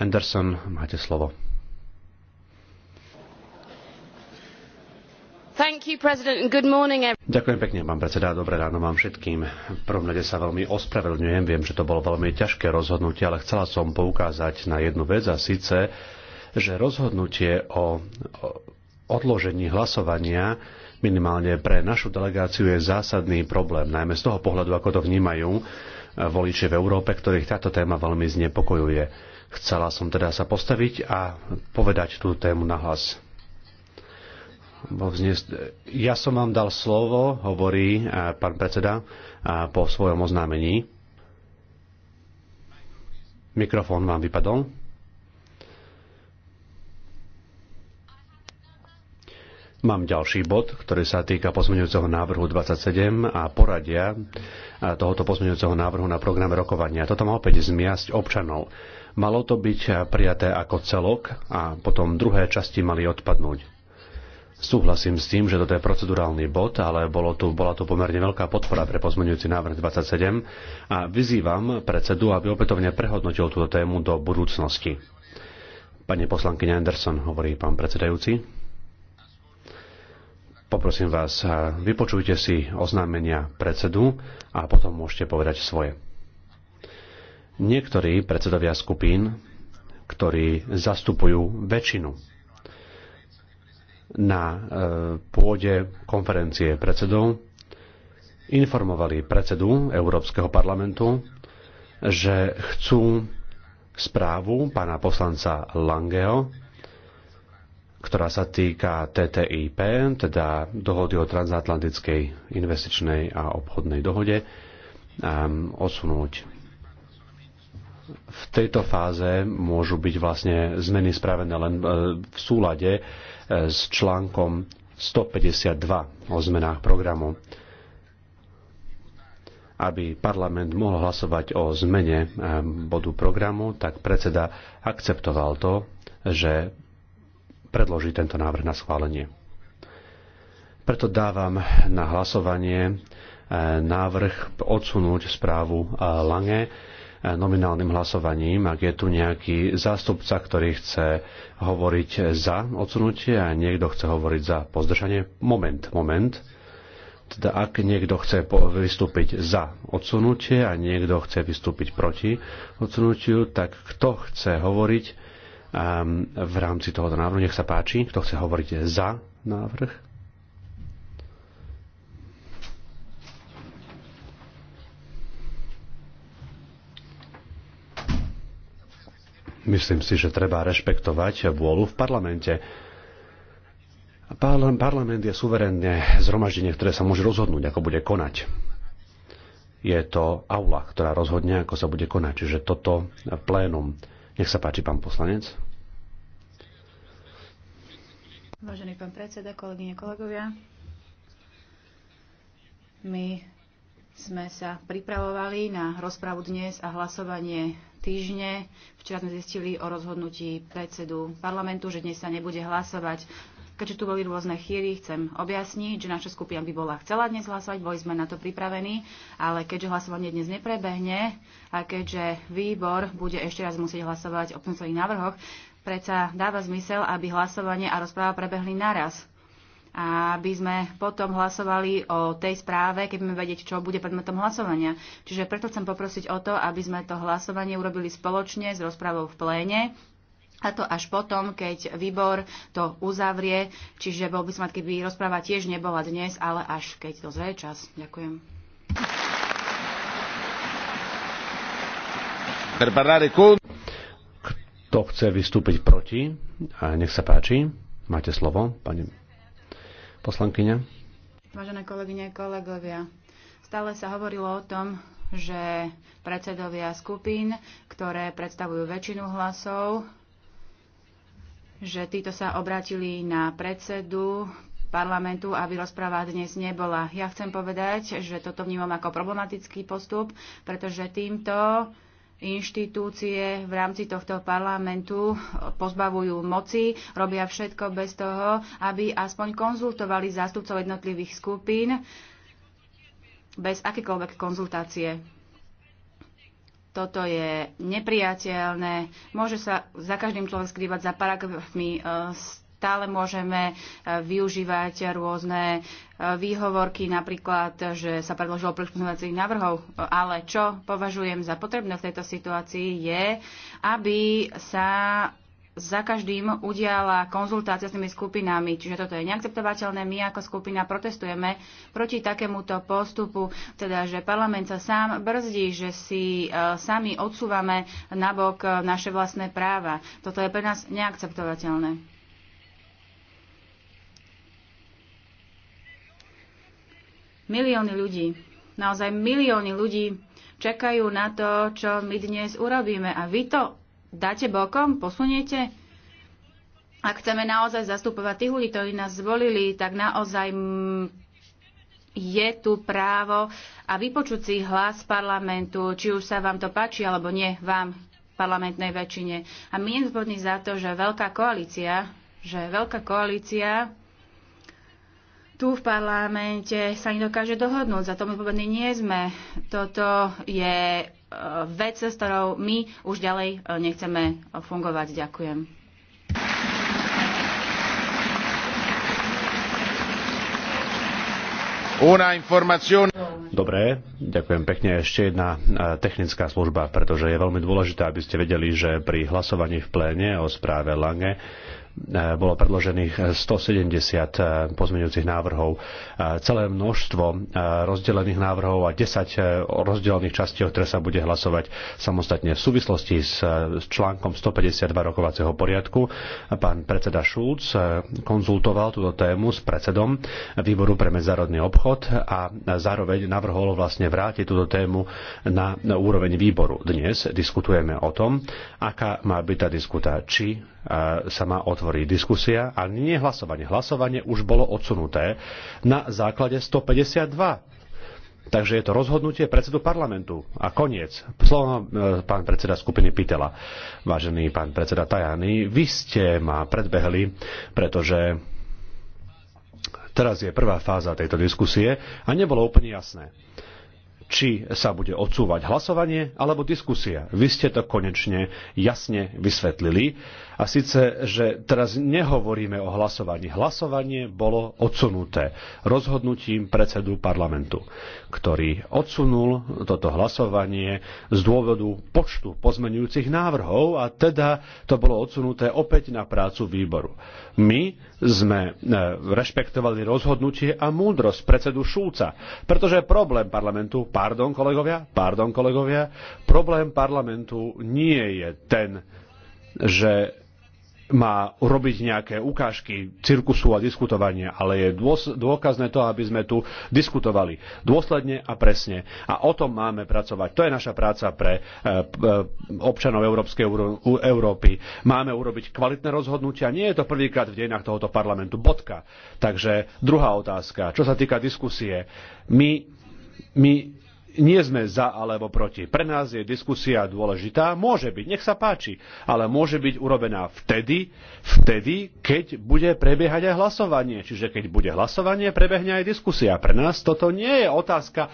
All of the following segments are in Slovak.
Anderson, máte slovo. You, morning, Ďakujem pekne, pán predseda. Dobré ráno vám všetkým. V prvom rade sa veľmi ospravedlňujem. Viem, že to bolo veľmi ťažké rozhodnutie, ale chcela som poukázať na jednu vec a síce, že rozhodnutie o, o odložení hlasovania minimálne pre našu delegáciu je zásadný problém, najmä z toho pohľadu, ako to vnímajú eh, voliči v Európe, ktorých táto téma veľmi znepokojuje Chcela som teda sa postaviť a povedať tú tému nahlas. Ja som vám dal slovo, hovorí e, pán predseda e, po svojom oznámení. Mikrofón vám vypadol. Mám ďalší bod, ktorý sa týka pozmeňujúceho návrhu 27 a poradia e, tohoto pozmeňujúceho návrhu na programe rokovania. Toto má opäť zmiasť občanov. Malo to byť prijaté ako celok a potom druhé časti mali odpadnúť. Súhlasím s tým, že toto je procedurálny bod, ale bolo tu, bola tu pomerne veľká podpora pre pozmeňujúci návrh 27 a vyzývam predsedu, aby opätovne prehodnotil túto tému do budúcnosti. Pani poslankyňa Anderson, hovorí pán predsedajúci. Poprosím vás, vypočujte si oznámenia predsedu a potom môžete povedať svoje. Niektorí predsedovia skupín, ktorí zastupujú väčšinu na e, pôde konferencie predsedov, informovali predsedu Európskeho parlamentu, že chcú správu pána poslanca Langeho, ktorá sa týka TTIP, teda dohody o transatlantickej investičnej a obchodnej dohode, e, osunúť v tejto fáze môžu byť vlastne zmeny spravené len e, v súlade e, s článkom 152 o zmenách programu. Aby parlament mohol hlasovať o zmene e, bodu programu, tak predseda akceptoval to, že predloží tento návrh na schválenie. Preto dávam na hlasovanie návrh odsunúť správu Lange nominálnym hlasovaním, ak je tu nejaký zástupca, ktorý chce hovoriť za odsunutie a niekto chce hovoriť za pozdržanie. Moment, moment. Teda ak niekto chce vystúpiť za odsunutie a niekto chce vystúpiť proti odsunutiu, tak kto chce hovoriť um, v rámci tohoto návrhu, nech sa páči, kto chce hovoriť za návrh? Myslím si, že treba rešpektovať vôľu v parlamente. Parlament je suverénne zhromaždenie, ktoré sa môže rozhodnúť, ako bude konať. Je to aula, ktorá rozhodne, ako sa bude konať. Čiže toto plénum. Nech sa páči, pán poslanec. Vážený pán predseda, kolegyne, kolegovia, my sme sa pripravovali na rozpravu dnes a hlasovanie týždne. Včera sme zistili o rozhodnutí predsedu parlamentu, že dnes sa nebude hlasovať. Keďže tu boli rôzne chýry, chcem objasniť, že naša skupina by bola chcela dnes hlasovať, boli sme na to pripravení, ale keďže hlasovanie dnes neprebehne a keďže výbor bude ešte raz musieť hlasovať o pnúcových návrhoch, predsa dáva zmysel, aby hlasovanie a rozpráva prebehli naraz aby sme potom hlasovali o tej správe, keď budeme vedieť, čo bude predmetom hlasovania. Čiže preto chcem poprosiť o to, aby sme to hlasovanie urobili spoločne s rozprávou v pléne, a to až potom, keď výbor to uzavrie. Čiže bol by som rád, keby rozpráva tiež nebola dnes, ale až keď to zrie čas. Ďakujem. Kto chce vystúpiť proti? nech sa páči. Máte slovo, pani Poslankyňa. Vážené kolegyne, kolegovia, stále sa hovorilo o tom, že predsedovia skupín, ktoré predstavujú väčšinu hlasov, že títo sa obratili na predsedu parlamentu, aby rozpráva dnes nebola. Ja chcem povedať, že toto vnímam ako problematický postup, pretože týmto inštitúcie v rámci tohto parlamentu pozbavujú moci, robia všetko bez toho, aby aspoň konzultovali zástupcov jednotlivých skupín bez akékoľvek konzultácie. Toto je nepriateľné. Môže sa za každým človek skrývať za paragrafmi eh, stále môžeme e, využívať rôzne e, výhovorky, napríklad, že sa predložilo príslušných návrhov. Ale čo považujem za potrebné v tejto situácii je, aby sa za každým udiala konzultácia s tými skupinami. Čiže toto je neakceptovateľné. My ako skupina protestujeme proti takémuto postupu, teda že parlament sa sám brzdí, že si e, sami odsúvame nabok e, naše vlastné práva. Toto je pre nás neakceptovateľné. Milióny ľudí, naozaj milióny ľudí čakajú na to, čo my dnes urobíme. A vy to dáte bokom, posuniete? Ak chceme naozaj zastupovať tých ľudí, ktorí nás zvolili, tak naozaj je tu právo a vypočuť si hlas parlamentu, či už sa vám to páči alebo nie, vám parlamentnej väčšine. A my nezodpovední za to, že veľká koalícia, že veľká koalícia tu v parlamente sa nedokáže dohodnúť. Za to my povední nie sme. Toto je e, vec, s ktorou my už ďalej e, nechceme e, fungovať. Ďakujem. Dobre, ďakujem pekne. Ešte jedna technická služba, pretože je veľmi dôležité, aby ste vedeli, že pri hlasovaní v pléne o správe Lange Eh, bolo predložených 170 eh, eh, pozmeňujúcich návrhov. Celé množstvo rozdelených návrhov a 10 rozdelených častí, o ktoré sa bude hlasovať samostatne v súvislosti s článkom 152 rokovacieho poriadku. Pán predseda Šulc konzultoval túto tému s predsedom výboru pre medzárodný obchod a zároveň navrhol vlastne vrátiť túto tému na úroveň výboru. Dnes diskutujeme o tom, aká má byť tá diskuta, či sa má otvoriť diskusia a nie hlasovanie. Hlasovanie už bolo odsunuté na základe 152. Takže je to rozhodnutie predsedu parlamentu. A koniec. Slovo e, pán predseda skupiny Pitela. Vážený pán predseda Tajany, vy ste ma predbehli, pretože teraz je prvá fáza tejto diskusie a nebolo úplne jasné či sa bude odsúvať hlasovanie alebo diskusia. Vy ste to konečne jasne vysvetlili. A síce, že teraz nehovoríme o hlasovaní. Hlasovanie bolo odsunuté rozhodnutím predsedu parlamentu, ktorý odsunul toto hlasovanie z dôvodu počtu pozmenujúcich návrhov a teda to bolo odsunuté opäť na prácu výboru. My sme e, rešpektovali rozhodnutie a múdrosť predsedu Šulca, pretože problém parlamentu Pardon, kolegovia, pardon, kolegovia. Problém parlamentu nie je ten, že má robiť nejaké ukážky cirkusu a diskutovania, ale je dôkazné to, aby sme tu diskutovali dôsledne a presne. A o tom máme pracovať. To je naša práca pre e, e, občanov Európskej Európy. Máme urobiť kvalitné rozhodnutia. Nie je to prvýkrát v dejinách tohoto parlamentu. Bodka. Takže druhá otázka. Čo sa týka diskusie. My, my nie sme za alebo proti. Pre nás je diskusia dôležitá, môže byť, nech sa páči, ale môže byť urobená vtedy, vtedy, keď bude prebiehať aj hlasovanie. Čiže keď bude hlasovanie, prebehne aj diskusia. Pre nás toto nie je otázka eh,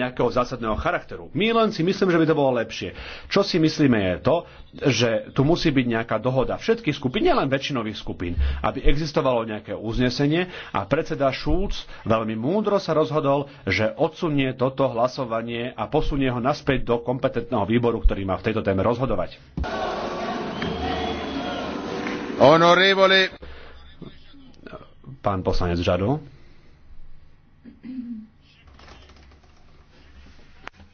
nejakého zásadného charakteru. My len si myslím, že by to bolo lepšie. Čo si myslíme je to, že tu musí byť nejaká dohoda všetkých skupín, nielen väčšinových skupín, aby existovalo nejaké uznesenie a predseda Šulc veľmi múdro sa rozhodol, že odsunie toto hlasovanie hlasovanie a posunie ho naspäť do kompetentného výboru, ktorý má v tejto téme rozhodovať. Honorevole. Pán poslanec žadu.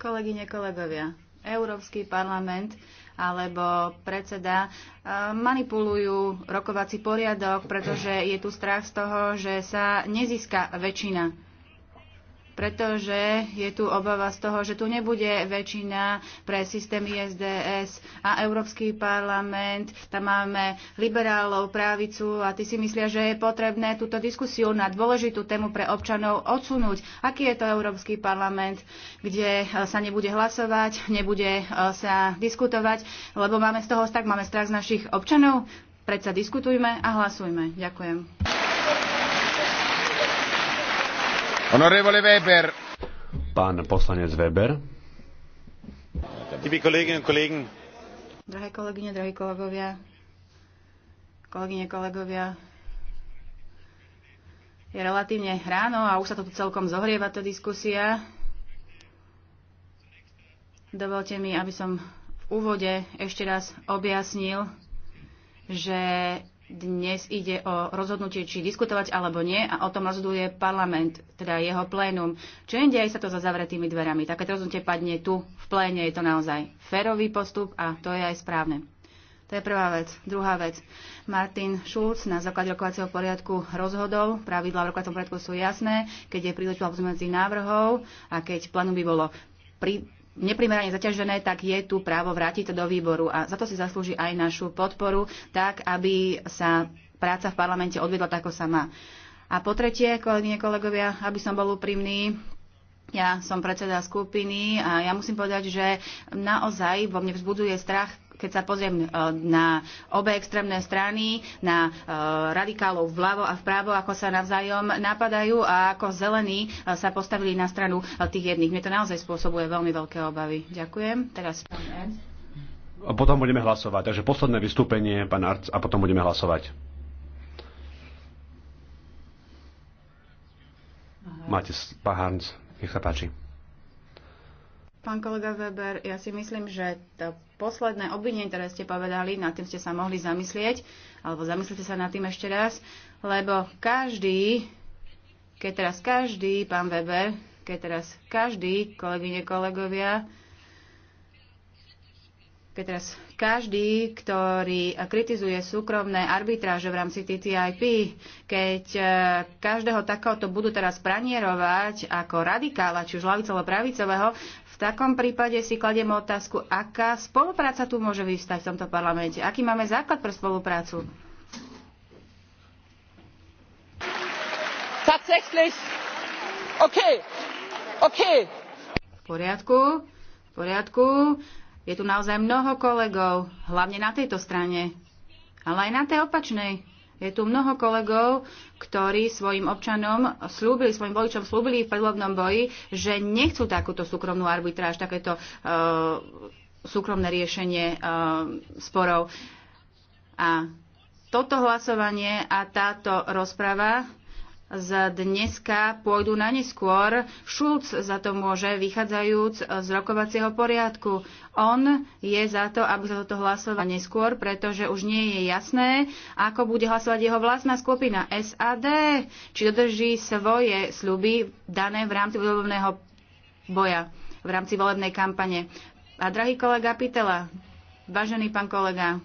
Kolegyne, kolegovia, Európsky parlament alebo predseda eh, manipulujú rokovací poriadok, pretože je tu strach z toho, že sa nezíska väčšina pretože je tu obava z toho, že tu nebude väčšina pre systém ISDS a Európsky parlament, tam máme liberálov, právicu a ty si myslia, že je potrebné túto diskusiu na dôležitú tému pre občanov odsunúť. Aký je to Európsky parlament, kde e, sa nebude hlasovať, nebude e, sa diskutovať, lebo máme z toho strach, máme strach z našich občanov? Predsa diskutujme a hlasujme. Ďakujem. Honorevole Weber. Pán poslanec Weber. Liebe Kolleginnen und Drahé kolegyne, drahí kolegovia, kolegyne, kolegovia, je relatívne ráno a už sa to tu celkom zohrieva tá diskusia. Dovolte mi, aby som v úvode ešte raz objasnil, že dnes ide o rozhodnutie, či diskutovať alebo nie a o tom rozhoduje parlament, teda jeho plénum. Čo inde aj sa to za zavretými dverami. Takéto rozhodnutie padne tu, v pléne je to naozaj férový postup a to je aj správne. To je prvá vec. Druhá vec. Martin Schulz na základe rokovacieho poriadku rozhodol. Pravidla v rokovacom poriadku sú jasné. Keď je príležitosť medzi návrhov a keď plánu by bolo pri, neprimerane zaťažené, tak je tu právo vrátiť to do výboru a za to si zaslúži aj našu podporu, tak aby sa práca v parlamente odvedla tak, ako sa má. A po tretie, kolegyne, kolegovia, aby som bol úprimný, ja som predseda skupiny a ja musím povedať, že naozaj vo mne vzbuduje strach, keď sa pozriem e, na obe extrémne strany, na e, radikálov vľavo a vpravo, ako sa navzájom napadajú a ako zelení e, sa postavili na stranu tých jedných. Mne to naozaj spôsobuje veľmi veľké obavy. Ďakujem. Teraz A potom budeme hlasovať. Takže posledné vystúpenie, pán Arc, a potom budeme hlasovať. Máte, pán Harns. Nech sa páči. Pán kolega Weber, ja si myslím, že to posledné obvinenie, ktoré ste povedali, nad tým ste sa mohli zamyslieť, alebo zamyslite sa nad tým ešte raz, lebo každý, keď teraz každý, pán Weber, keď teraz každý, kolegyne, kolegovia, keď teraz každý, ktorý eh, kritizuje súkromné arbitráže v rámci TTIP, keď eh, každého takéhoto budú teraz pranierovať ako radikála, či už lavicového, pravicového, v takom prípade si kladiem otázku, aká spolupráca tu môže vystať v tomto parlamente. Aký máme základ pre spoluprácu? Tatsächlich. OK. OK. V poriadku. V poriadku. Je tu naozaj mnoho kolegov, hlavne na tejto strane, ale aj na tej opačnej. Je tu mnoho kolegov, ktorí svojim občanom slúbili, svojim voličom slúbili v predlobnom boji, že nechcú takúto súkromnú arbitráž, takéto uh, súkromné riešenie uh, sporov. A toto hlasovanie a táto rozprava z dneska pôjdu na neskôr. Šulc za to môže, vychádzajúc z rokovacieho poriadku. On je za to, aby sa toto hlasovalo neskôr, pretože už nie je jasné, ako bude hlasovať jeho vlastná skupina SAD, či dodrží svoje sľuby dané v rámci volebného boja, v rámci volebnej kampane. A drahý kolega Pitela, vážený pán kolega,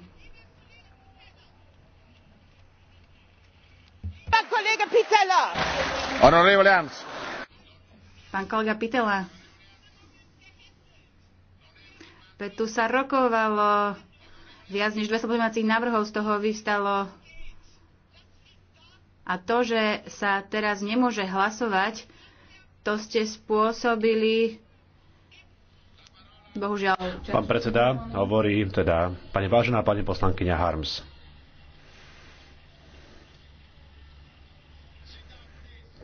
kolega Pitela. Hans. Pán kolega Pitela. Veď tu sa rokovalo viac než 200 pozmeňovacích návrhov, z toho vyvstalo a to, že sa teraz nemôže hlasovať, to ste spôsobili Bohužiaľ. Pán predseda hovorí teda, pani vážená pani poslankyňa Harms,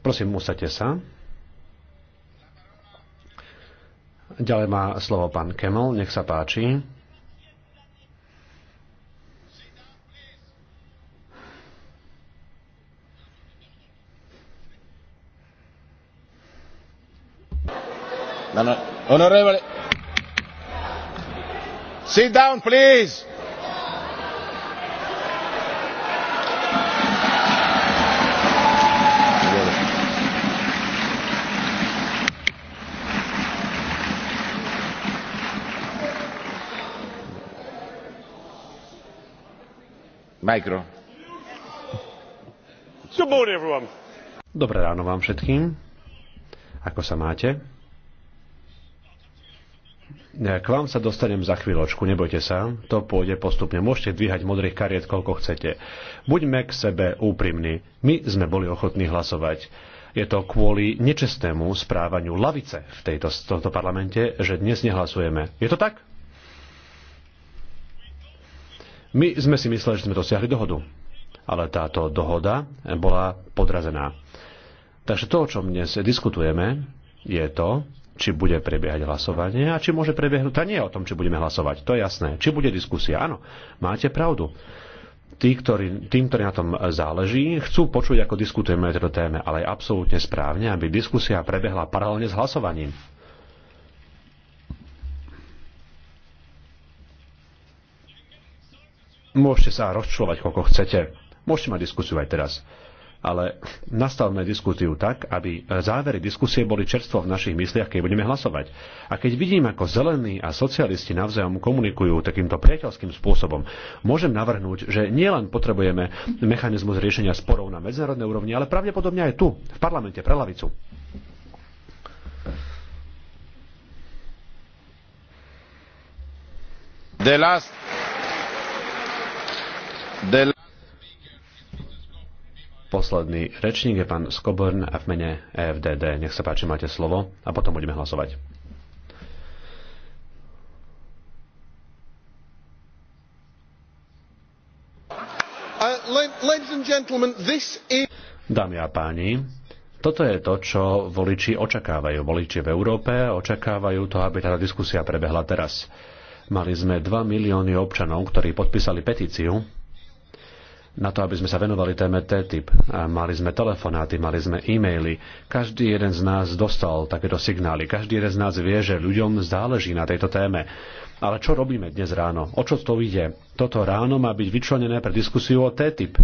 Prosím, usadte sa. Ďalej má slovo pán Kemel, nech sa páči. Honorable. Sit down, please. Dobré ráno vám všetkým. Ako sa máte? K vám sa dostanem za chvíľočku, nebojte sa, to pôjde postupne. Môžete dvíhať modrých kariet, koľko chcete. Buďme k sebe úprimní. My sme boli ochotní hlasovať. Je to kvôli nečestnému správaniu lavice v tejto, v tomto parlamente, že dnes nehlasujeme. Je to tak? My sme si mysleli, že sme dosiahli dohodu, ale táto dohoda bola podrazená. Takže to, o čom dnes diskutujeme, je to, či bude prebiehať hlasovanie a či môže prebiehnúť. To nie o tom, či budeme hlasovať, to je jasné. Či bude diskusia, áno, máte pravdu. Tí, ktorí, tým, ktorí na tom záleží, chcú počuť, ako diskutujeme o tejto téme, ale je absolútne správne, aby diskusia prebehla paralelne s hlasovaním. Môžete sa rozčlovať, koľko chcete. Môžete mať diskusiu aj teraz. Ale nastavme diskusiu tak, aby závery diskusie boli čerstvo v našich mysliach, keď budeme hlasovať. A keď vidím, ako zelení a socialisti navzájom komunikujú takýmto priateľským spôsobom, môžem navrhnúť, že nielen potrebujeme mechanizmus riešenia sporov na medzinárodnej úrovni, ale pravdepodobne aj tu, v parlamente, pre lavicu. The last Del... Posledný rečník je pán Skoborn v mene EFDD. Nech sa páči, máte slovo a potom budeme hlasovať. Uh, Dámy a páni, toto je to, čo voliči očakávajú. Voliči v Európe očakávajú to, aby táto diskusia prebehla teraz. Mali sme 2 milióny občanov, ktorí podpísali petíciu, na to, aby sme sa venovali téme TTIP. Mali sme telefonáty, mali sme e-maily. Každý jeden z nás dostal takéto signály. Každý jeden z nás vie, že ľuďom záleží na tejto téme. Ale čo robíme dnes ráno? O čo to ide? Toto ráno má byť vyčlenené pre diskusiu o TTIP.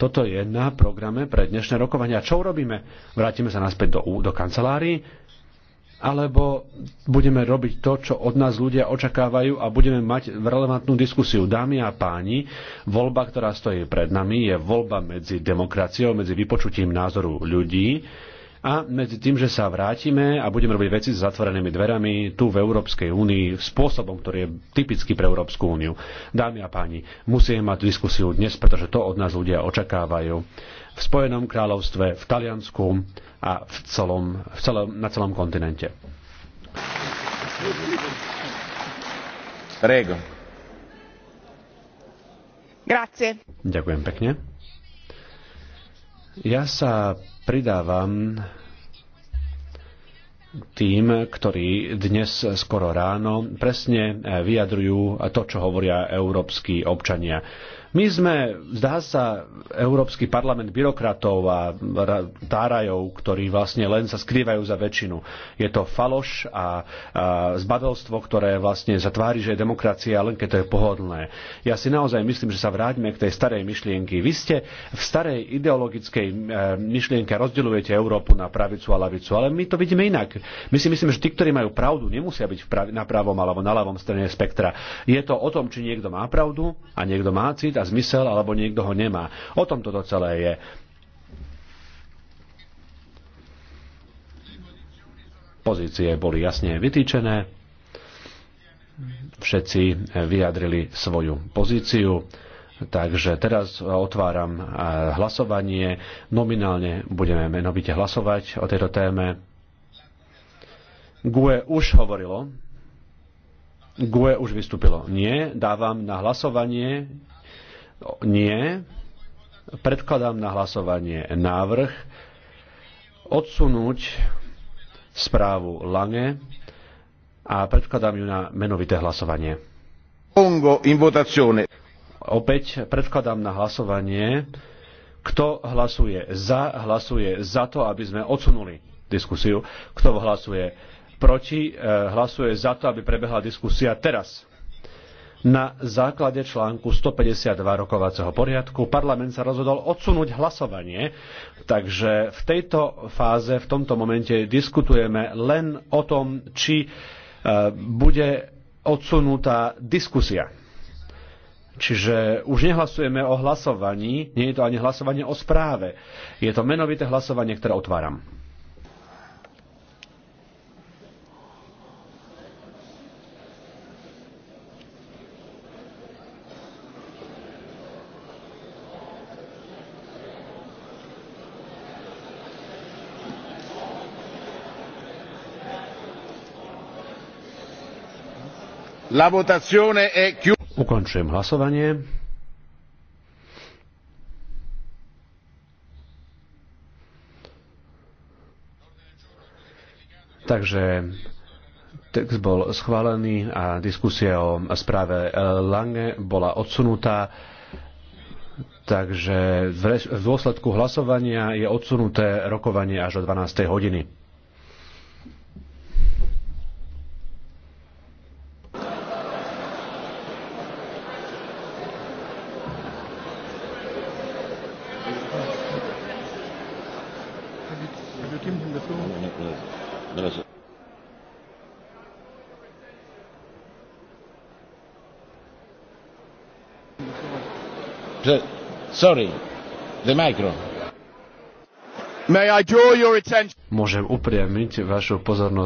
Toto je na programe pre dnešné rokovania. Čo urobíme? Vrátime sa naspäť do, do kancelárii? alebo budeme robiť to, čo od nás ľudia očakávajú a budeme mať relevantnú diskusiu. Dámy a páni, voľba, ktorá stojí pred nami, je voľba medzi demokraciou, medzi vypočutím názoru ľudí, a medzi tým, že sa vrátime a budeme robiť veci s zatvorenými dverami tu v Európskej únii spôsobom, ktorý je typický pre Európsku úniu. Dámy a páni, musíme mať diskusiu dnes, pretože to od nás ľudia očakávajú v Spojenom kráľovstve, v Taliansku a v celom, v celom, na celom kontinente. Prego. Grazie. Ďakujem pekne. Ja sa pridávam tým, ktorí dnes skoro ráno presne eh, vyjadrujú to, čo hovoria európsky občania. My sme, zdá sa, Európsky parlament byrokratov a tárajov, ktorí vlastne len sa skrývajú za väčšinu. Je to faloš a, a zbadelstvo, ktoré vlastne zatvári, že je demokracia, len keď to je pohodlné. Ja si naozaj myslím, že sa vráťme k tej starej myšlienky. Vy ste v starej ideologickej eh, myšlienke rozdeľujete Európu na pravicu a lavicu, ale my to vidíme inak. My si myslíme, že tí, ktorí majú pravdu, nemusia byť na pravom alebo na ľavom strane spektra. Je to o tom, či niekto má pravdu a niekto má cit a zmysel, alebo niekto ho nemá. O tom toto celé je. Pozície boli jasne vytýčené, všetci vyjadrili svoju pozíciu. Takže teraz otváram hlasovanie. Nominálne budeme menovite hlasovať o tejto téme. GUE už hovorilo. GUE už vystúpilo. Nie. Dávam na hlasovanie. Nie. Predkladám na hlasovanie návrh odsunúť správu Lange a predkladám ju na menovité hlasovanie. Pongo in votazione. Opäť predkladám na hlasovanie. Kto hlasuje za, hlasuje za to, aby sme odsunuli diskusiu. Kto hlasuje proti, e, hlasuje za to, aby prebehla diskusia teraz. Na základe článku 152 rokovacieho poriadku parlament sa rozhodol odsunúť hlasovanie, takže v tejto fáze, v tomto momente diskutujeme len o tom, či e, bude odsunutá diskusia. Čiže už nehlasujeme o hlasovaní, nie je to ani hlasovanie o správe. Je to menovité hlasovanie, ktoré otváram. Ukončujem hlasovanie. Takže text bol schválený a diskusia o správe eh, Lange bola odsunutá. Takže v dôsledku hlasovania je odsunuté rokovanie až o 12. hodiny. Sorry, the micro. May I draw your attention? Môžem upriamiť vašu pozornosť